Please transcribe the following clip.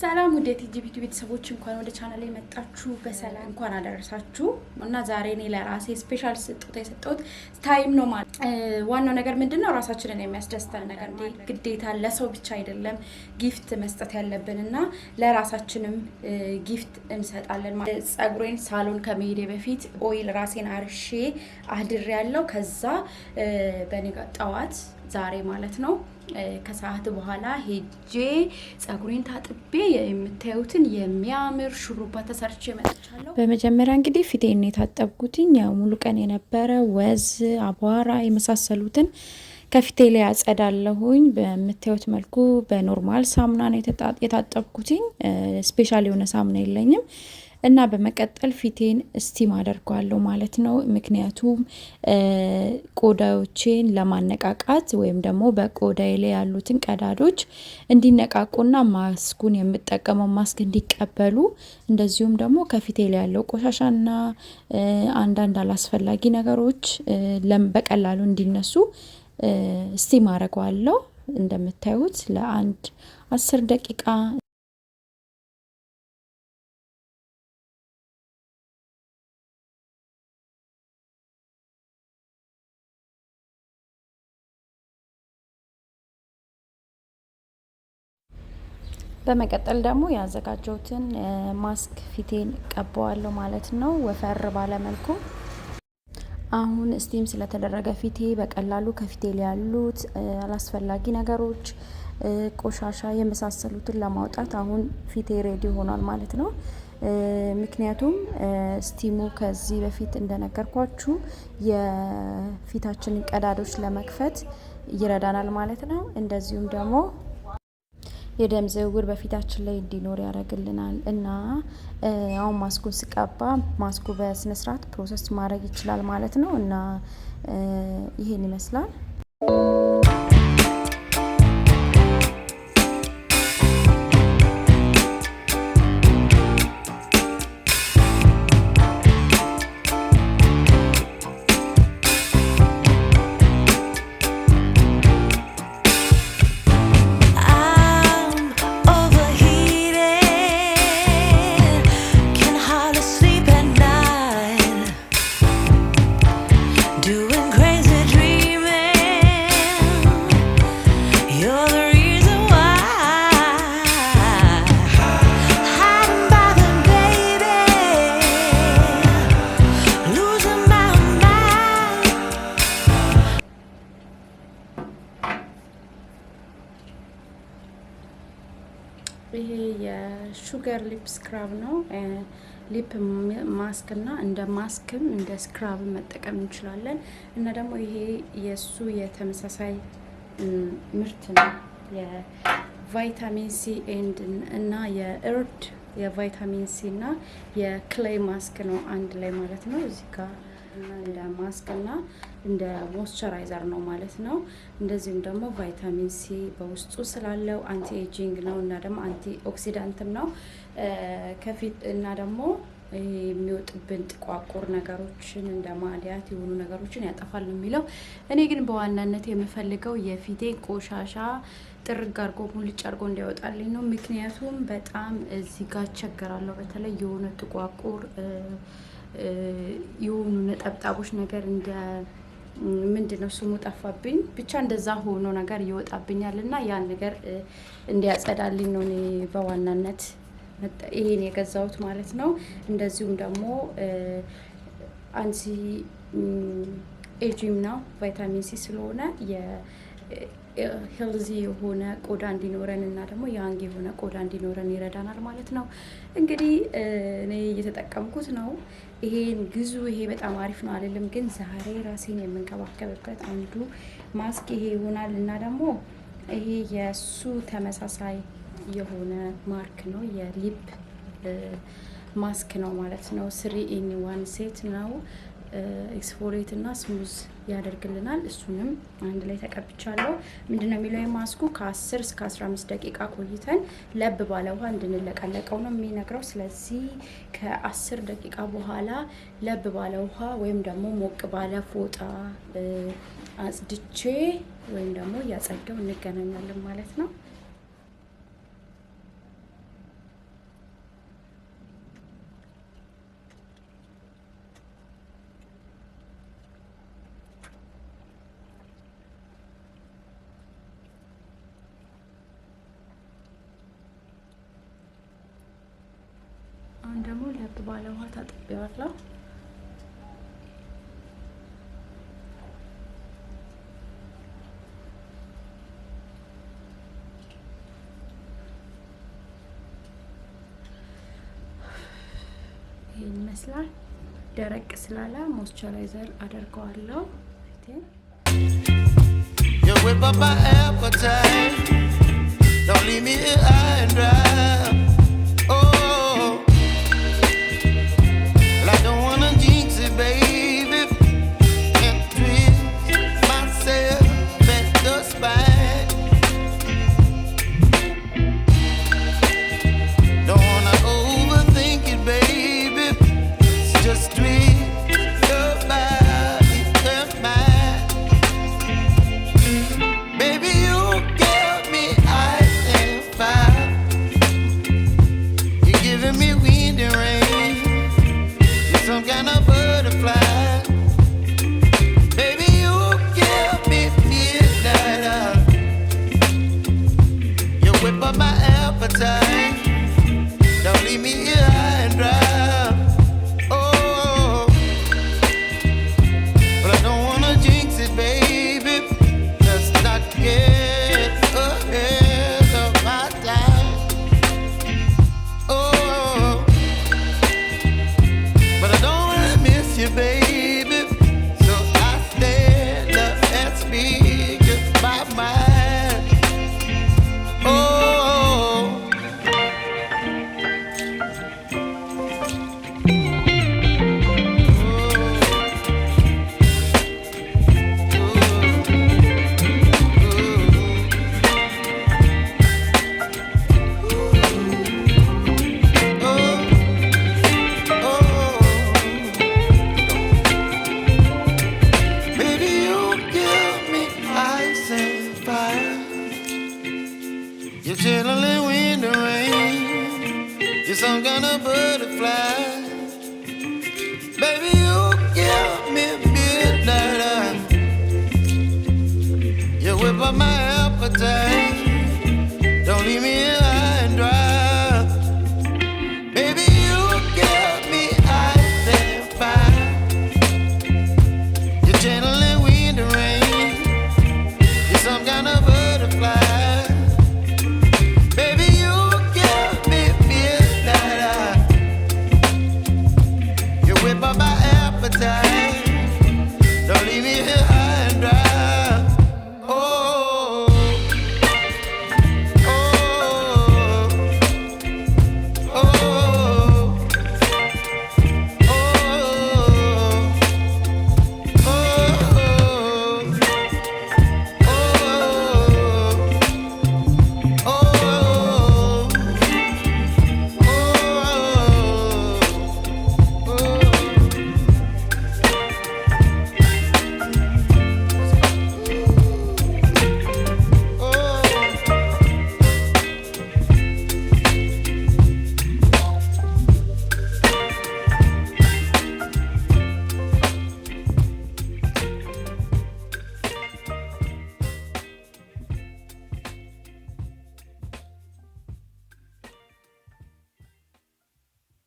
ሰላም ውድ የቲጂ ቤተሰቦች እንኳን ወደ ቻናል ላይ በሰላም እንኳን አደረሳችሁ። እና ዛሬ እኔ ለራሴ ስፔሻል ስጦታ የሰጠሁት ታይም ነው ማለት። ዋናው ነገር ምንድን ነው? ራሳችንን የሚያስደስተን ነገር ግዴታ ለሰው ብቻ አይደለም ጊፍት መስጠት ያለብን እና ለራሳችንም ጊፍት እንሰጣለን ማለት። ጸጉሬን ሳሎን ከመሄዴ በፊት ኦይል ራሴን አርሼ አድሬ ያለው ከዛ በንጋ ጠዋት ዛሬ ማለት ነው። ከሰዓት በኋላ ሄጄ ጸጉሬን ታጥቤ የምታዩትን የሚያምር ሹሩባ ተሰርቼ መጥቻለሁ። በመጀመሪያ እንግዲህ ፊቴን የታጠብኩትኝ ያው ሙሉ ቀን የነበረ ወዝ፣ አቧራ የመሳሰሉትን ከፊቴ ላይ አጸዳለሁኝ። በምታዩት መልኩ በኖርማል ሳሙና ነው የታጠብኩትኝ። ስፔሻል የሆነ ሳሙና የለኝም። እና በመቀጠል ፊቴን እስቲም አደርጓለሁ ማለት ነው። ምክንያቱም ቆዳዎቼን ለማነቃቃት ወይም ደግሞ በቆዳዬ ላይ ያሉትን ቀዳዶች እንዲነቃቁና ማስኩን የምጠቀመው ማስክ እንዲቀበሉ እንደዚሁም ደግሞ ከፊቴ ላይ ያለው ቆሻሻና አንዳንድ አላስፈላጊ ነገሮች በቀላሉ እንዲነሱ እስቲም አደርገዋለሁ። እንደምታዩት ለአንድ አስር ደቂቃ በመቀጠል ደግሞ ያዘጋጀሁትን ማስክ ፊቴን ቀባዋለሁ ማለት ነው። ወፈር ባለ መልኩ አሁን ስቲም ስለተደረገ ፊቴ በቀላሉ ከፊቴ ላይ ያሉት አላስፈላጊ ነገሮች፣ ቆሻሻ የመሳሰሉትን ለማውጣት አሁን ፊቴ ሬዲ ሆኗል ማለት ነው። ምክንያቱም ስቲሙ ከዚህ በፊት እንደነገርኳችሁ የፊታችንን ቀዳዶች ለመክፈት ይረዳናል ማለት ነው። እንደዚሁም ደግሞ የደም ዝውውር በፊታችን ላይ እንዲኖር ያደርግልናል እና አሁን ማስኩን ሲቀባ ማስኩ በስነስርዓት ፕሮሰስ ማድረግ ይችላል ማለት ነው እና ይሄን ይመስላል። ሹገር ሊፕ ስክራብ ነው። ሊፕ ማስክ እና እንደ ማስክም እንደ ስክራብ መጠቀም እንችላለን። እና ደግሞ ይሄ የእሱ የተመሳሳይ ምርት ነው። የቫይታሚን ሲ ኤንድ እና የእርድ የቫይታሚን ሲ እና የክሌይ ማስክ ነው አንድ ላይ ማለት ነው እዚህ ጋር እንደ ማስክ እና እንደ ሞስቸራይዘር ነው ማለት ነው። እንደዚሁም ደግሞ ቫይታሚን ሲ በውስጡ ስላለው አንቲ ኤጂንግ ነው እና ደግሞ አንቲ ኦክሲዳንትም ነው ከፊት እና ደግሞ የሚወጥብን ጥቋቁር ነገሮችን እንደ ማዲያት የሆኑ ነገሮችን ያጠፋል ነው የሚለው። እኔ ግን በዋናነት የምፈልገው የፊቴ ቆሻሻ ጥርግ አርጎ ሙልጭ አርጎ እንዲያወጣልኝ ነው። ምክንያቱም በጣም እዚህ ጋር እቸገራለሁ። በተለይ የሆነ ጥቋቁር የሆኑ ነጠብጣቦች ነገር እንደ ምንድን ነው ስሙ ጠፋብኝ፣ ብቻ እንደዛ ሆኖ ነገር ይወጣብኛል እና ያን ነገር እንዲያጸዳልኝ ነው እኔ በዋናነት ይሄን የገዛሁት ማለት ነው። እንደዚሁም ደግሞ አንቲ ኤጂም ነው ቫይታሚን ሲ ስለሆነ ሄልዚ የሆነ ቆዳ እንዲኖረን እና ደግሞ ያንግ የሆነ ቆዳ እንዲኖረን ይረዳናል ማለት ነው። እንግዲህ እኔ እየተጠቀምኩት ነው። ይሄን ግዙ፣ ይሄ በጣም አሪፍ ነው አይደለም? ግን ዛሬ ራሴን የምንከባከብበት አንዱ ማስክ ይሄ ይሆናል እና ደግሞ ይሄ የእሱ ተመሳሳይ የሆነ ማርክ ነው የሊፕ ማስክ ነው ማለት ነው። ስሪ ኢን ዋን ሴት ነው ኤክስፎሬት እና ስሙዝ ያደርግልናል። እሱንም አንድ ላይ ተቀብቻለሁ። ምንድነው የሚለው የማስኩ ከ10 እስከ 15 ደቂቃ ቆይተን ለብ ባለ ውሃ እንድንለቀለቀው ነው የሚነግረው። ስለዚህ ከ10 ደቂቃ በኋላ ለብ ባለ ውሃ ወይም ደግሞ ሞቅ ባለ ፎጣ አጽድቼ ወይም ደግሞ እያጸደው እንገናኛለን ማለት ነው። ደግሞ ለብ ባለ ውሃ ታጥቤዋለሁ። ይህን ይመስላል። ደረቅ ስላለ ሞስቸራይዘር አደርገዋለሁ my appetite. Don't leave me here. better